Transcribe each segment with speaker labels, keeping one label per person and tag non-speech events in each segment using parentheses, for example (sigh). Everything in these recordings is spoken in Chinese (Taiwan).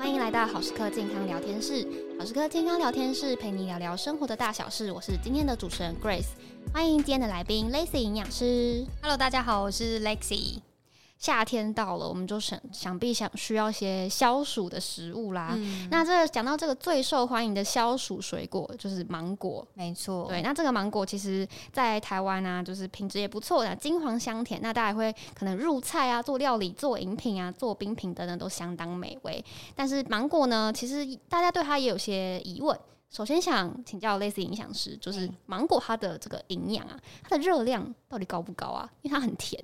Speaker 1: 歡迎來到好時刻健康聊天室。好時刻健康聊天室陪你聊聊生活的大小事，我是今天的主持人 Grace。歡迎今天的來賓 Lexie 營養師。Hello，大家好，我是 Lexie。夏天到了，我們就想想必想需要一些消暑的食物啦。嗯、那這講到這個最受歡迎的消暑水果就是芒果，沒錯。對，那這個芒果其實在台灣啊，就是品質也不錯的，金黃香甜。那大家也會可能入菜啊，做料理、做飲品啊，做冰品等等都相當美味。但是芒果呢，其實大家對它也有些疑問。首先想請教 Lexie 營養師，就是芒果它的這個營養啊，它的熱量到底高不高啊？因為它很甜。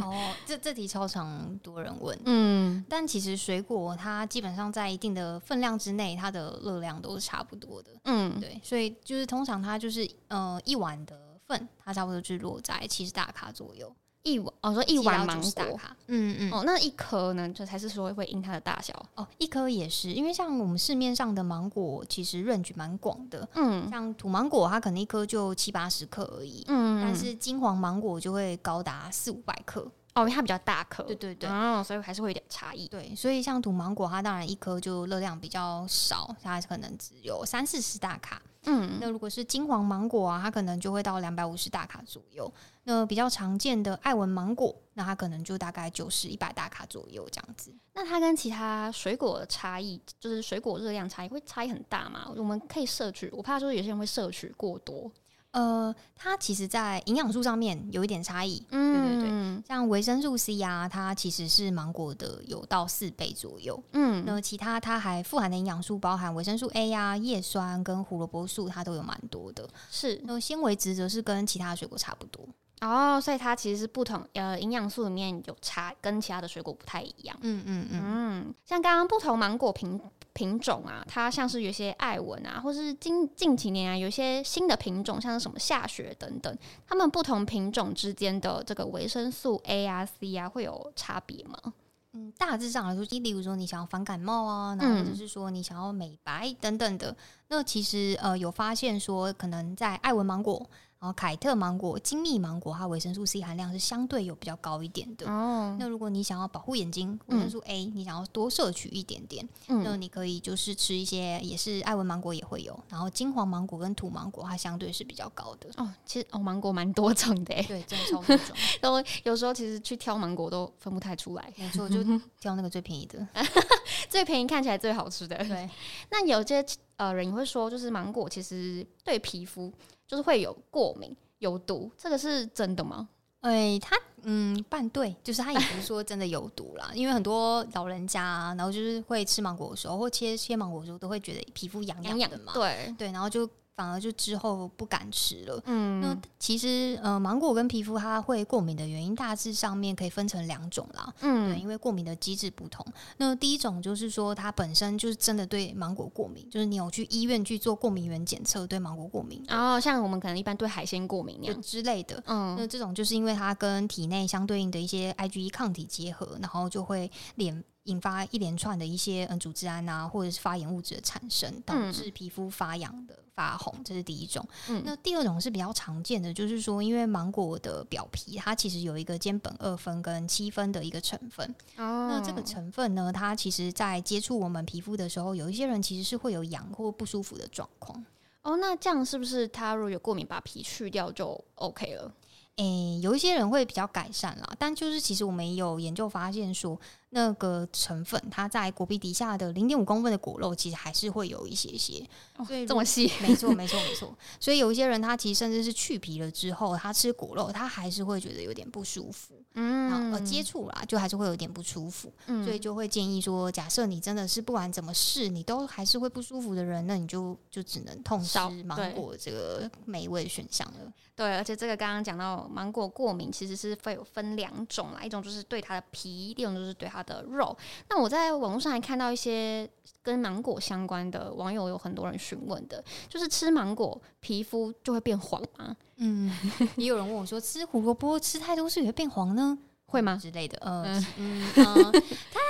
Speaker 1: 哦， (laughs) oh, 這這題超常多人問，嗯，但其實水果它基本上在一定的分量之內，它的熱量都是差不多的，嗯，對，所以就是通常它就是呃一碗的份，它差不多就落在七十大卡左右。一碗哦，說一碗芒果，嗯嗯，嗯哦，那一顆呢，就才是說會因它的大小哦，一顆也是，因為像我們市面上的芒果，其實 range 蠻廣的，嗯，像土芒果，它可能一顆就七八十克而已，嗯，但是金黃芒果就會高達四五百克，哦，因為它比較大顆，對對對，哦，所以還是會有點差異，對，所以像土芒果，它當然一顆就熱量比較少，它可能只有三四十大卡。嗯，那如果是金煌芒果啊，它可能就會到兩百五十大卡左右。那比較常見的愛文芒果，那它可能就大概九十、一百大卡左右這樣子。那它跟其他水果的差異，就是水果熱量差異會差異很大嘛？我們可以攝取，我怕說有些人會攝取過多。呃，它其實，在營養素上面有一點差異，嗯、對對對，像維生素 C 啊，它其實是芒果的有到四倍左右，嗯，那麼其他它還富含的營養素，包含維生素 A 啊、葉酸跟胡蘿蔔素，它都有蠻多的，是，那麼纖維質則是跟其他水果差不多，哦，所以它其實是不同呃營養素裡面有差，跟其他的水果不太一樣，嗯嗯嗯,嗯，像剛剛不同芒果品品種啊，它像是有些愛文啊，或是近近幾年啊，有些新的品種，像是什麼夏雪等等，它們不同品種之間的這個維生素 A 啊、C 啊，會有差別嗎？嗯，大致上來說，例如說你想要防感冒啊，那或者是說你想要美白等等的，嗯、那其實呃有發現說，可能在愛文芒果。然後凱特芒果、金蜜芒果，它維生素 C 含量是相對有比較高一點的。哦，那如果你想要保護眼睛，維生素 A，嗯、你想要多攝取一點點，嗯、那你可以就是吃一些，也是愛文芒果也會有。然後金煌芒果跟土芒果，它相對是比較高的。哦，其實哦，芒果蠻多種的。對，真的超多種。然後 (laughs) 有時候其實去挑芒果都分不太出來。沒錯，就挑那個最便宜的， (laughs) 最便宜看起來最好吃的。對。那有些呃人會說，就是芒果其實對皮膚。就是會有過敏有毒，這個是真的嗎？哎、欸，他嗯半對，就是他也不是說真的有毒啦， (laughs) 因為很多老人家、啊，然後就是會吃芒果的時候，或切切芒果的時候，都會覺得皮膚癢癢的嘛。癢癢，對對，然後就。反而就之後不敢吃了。嗯，那其實呃，芒果跟皮膚它會過敏的原因，大致上面可以分成兩種啦。嗯，對，因為過敏的機制不同。那第一種就是說，它本身就是真的對芒果過敏，就是你有去醫院去做過敏原檢測，對芒果過敏。啊、哦，像我們可能一般對海鮮過敏那樣之類的。嗯，那這種就是因為它跟體內相對應的一些 IgE 抗體結合，然後就會臉引發一連串的一些嗯，組織胺啊，或者是發炎物質的產生，導致皮膚發癢的發紅，嗯、這是第一種。嗯、那第二種是比較常見的，就是說，因為芒果的表皮它其實有一個間苯二酚跟漆酚的一個成分。哦。那這個成分呢，它其實在接觸我們皮膚的時候，有一些人其實是會有癢或不舒服的狀況。哦，那這樣是不是它如果有過敏，把皮去掉就 OK 了？誒、欸，有一些人會比較改善啦，但就是其實我們有研究發現說。那個成分，它在果皮底下的零點五公分的果肉，其實還是會有一些些。哦，所以這麼細？沒錯，沒錯，沒錯。所以有一些人，他其實甚至是去皮了之後，他吃果肉，他還是會覺得有點不舒服，嗯，呃，接觸啦，就還是會有點不舒服，嗯，所以就會建議說，假設你真的是不管怎麼試，你都還是會不舒服的人，那你就就只能痛失芒果這個美味的選項了。對，對，而且這個剛剛講到芒果過敏，其實是會有分兩種啦，一種就是對它的皮，一種就是對它的皮的肉，那我在網絡上還看到一些跟芒果相關的網友，有很多人詢問的，就是吃芒果皮膚就會變黃嗎？嗯，也有人問我說，吃胡蘿蔔吃太多是也會變黃呢，會嗎？之類的，呃、嗯嗯。呃 (laughs)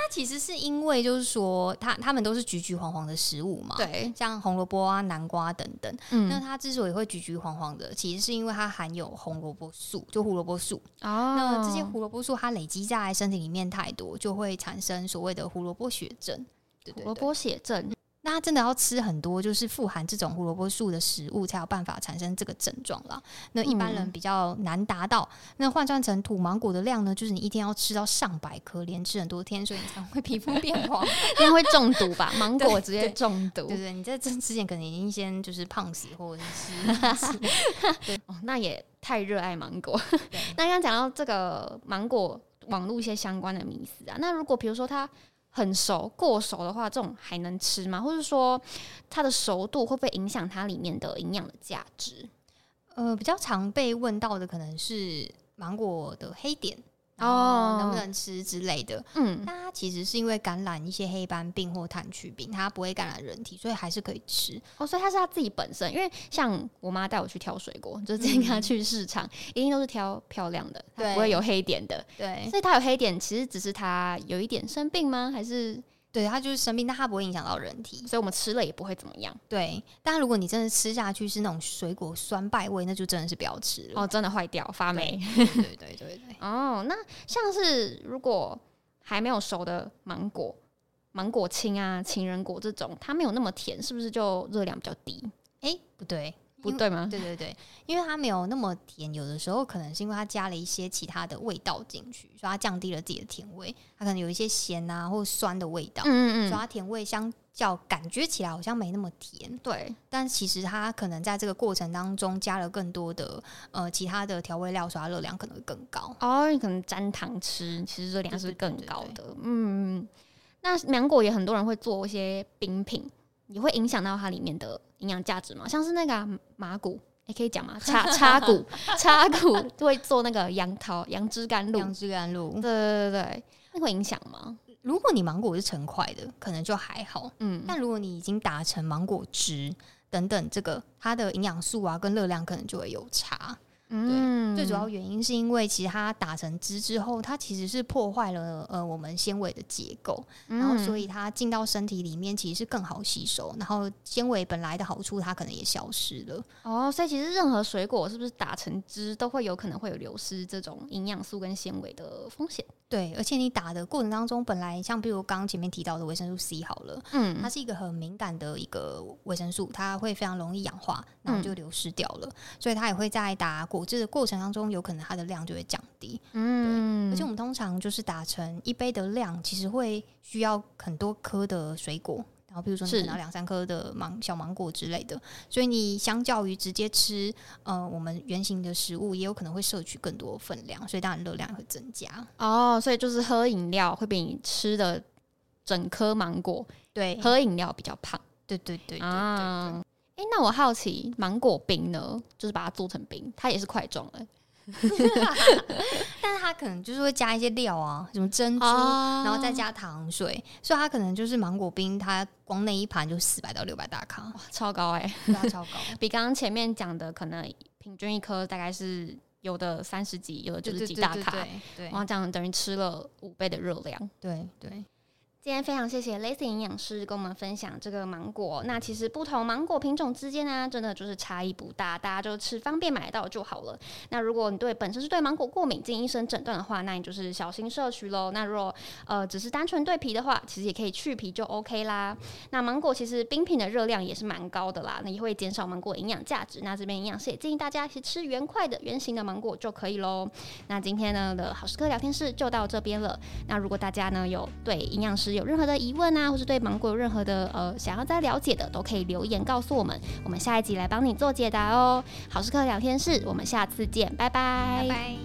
Speaker 1: 它其實是因為，就是說，它它們都是橘橘黃黃的食物嘛，對，像紅蘿蔔啊、南瓜等等。嗯、那它之所以會橘橘黃黃的，其實是因為它含有紅蘿蔔素，就胡蘿蔔素。哦、那這些胡蘿蔔素它累積在身體裡面太多，就會產生所謂的胡蘿蔔血症。對對對，胡蘿蔔血症。那他真的要吃很多，就是富含這種胡蘿蔔素的食物，才有辦法產生這個症狀啦。那一般人比較難達到。嗯、那換算成土芒果的量呢？就是你一天要吃到上百顆，連吃很多天，所以你才會皮膚變黃，因為 (laughs) 會中毒吧？芒果直接中毒。對對，對，對對，你在這之前可能已經先就是胖死或者是吃，或是 (laughs) 對、對哦，那也太熱愛芒果。對 (laughs) 那剛剛講到這個芒果，網絡一些相關的迷思啊。那如果比如說他。很熟過熟的話，這種還能吃嗎？或是說，它的熟度會不會影響它裡面的營養的價值？呃，比較常被問到的可能是芒果的黑點。哦，能不能吃之類的？嗯，但它其實是因為感染一些黑斑病或炭疽病，它不會感染人體，所以還是可以吃。哦，所以它是它自己本身，因為像我媽帶我去挑水果，就是跟他去市場， (laughs) 一定都是挑漂亮的，它不會有黑點的。對，所以它有黑點，其實只是它有一點生病嗎？還是？對，它就是生病，但它不會影響到人體，所以我們吃了也不會怎麼樣。對，但如果你真的吃下去是那種水果酸敗味，那就真的是不要吃了哦，真的壞掉發霉對。對對對對，對，對。 (laughs) 哦，那像是如果還沒有熟的芒果、芒果青啊、情人果這種，它沒有那麼甜，是不是就熱量比較低？哎、欸，不對。不對嗎？對對對，因為它沒有那麼甜，有的時候可能是因為它加了一些其他的味道進去，所以它降低了自己的甜味。它可能有一些鹹啊或酸的味道，嗯嗯，所以它甜味相較感覺起來好像沒那麼甜。對，但其實它可能在這個過程當中加了更多的呃其他的調味料，所以它熱量可能會更高。哦，你可能沾糖吃，其實熱量是更高的。嗯，那芒果也很多人會做一些冰品，你會影響到它裡面的營養價值嗎？像是那個麻、啊、古，你、欸、可以講嗎？插插骨，插骨就會做那個楊桃、楊枝甘露、楊枝甘露。對對對對，那會影響嗎？如果你芒果是成塊的，可能就還好。嗯，但如果你已經打成芒果汁等等，這個它的營養素啊跟熱量可能就會有差。嗯對，最主要原因是因為其實它打成汁之後，它其實是破壞了呃我們纖維的結構，嗯、然後所以它進到身體裡面其實是更好吸收，然後纖維本來的好處它可能也消失了。哦，所以其實任何水果是不是打成汁都會有可能會有流失這種營養素跟纖維的風險？對，而且你打的過程當中，本來像比如剛剛前面提到的維生素 C 好了，嗯，它是一個很敏感的一個維生素，它會非常容易氧化，然後就流失掉了，嗯、所以它也會在打果汁的過程當中，有可能它的量就會降低。嗯，而且我們通常就是打成一杯的量，其實會需要很多顆的水果，然後比如說是拿兩三顆的芒是小芒果之類的。所以你相較於直接吃，呃，我們原型的食物也有可能會攝取更多分量，所以當然熱量會增加。哦，所以就是喝飲料會比你吃的整顆芒果對喝飲料比較胖。對對對啊、哦。對對對對哎、欸，那我好奇芒果冰呢，就是把它做成冰，它也是塊狀的，但是它可能就是會加一些料啊，什麼珍珠，哦、然後再加糖水，所以它可能就是芒果冰它，它光那一盤就四百到六百大卡，超高哎、欸啊，超高，比剛剛前面講的可能平均一顆大概是有的三十幾，有的就是幾大卡，然後這樣等於吃了五倍的熱量，對對。對今天非常謝謝 Lexie 營養師跟我們分享這個芒果。那其實不同芒果品種之間呢、啊，真的就是差異不大，大家就吃方便買得到就好了。那如果你對本身是對芒果過敏，經醫生診斷的話，那你就是小心攝取嘍。那如果呃只是單純對皮的話，其實也可以去皮就 OK 啦。那芒果其實冰品的熱量也是蠻高的啦，那也會減少芒果營養價值。那這邊營養師也建議大家去吃原塊的圓形的芒果就可以嘍。那今天呢的好食客聊天室就到這邊了。那如果大家呢有對營養師有任何的疑問啊，或是對芒果有任何的呃想要再了解的，都可以留言告訴我們，我們下一集來幫你做解答哦。好是客聊天室，我們下次見，拜拜。拜拜。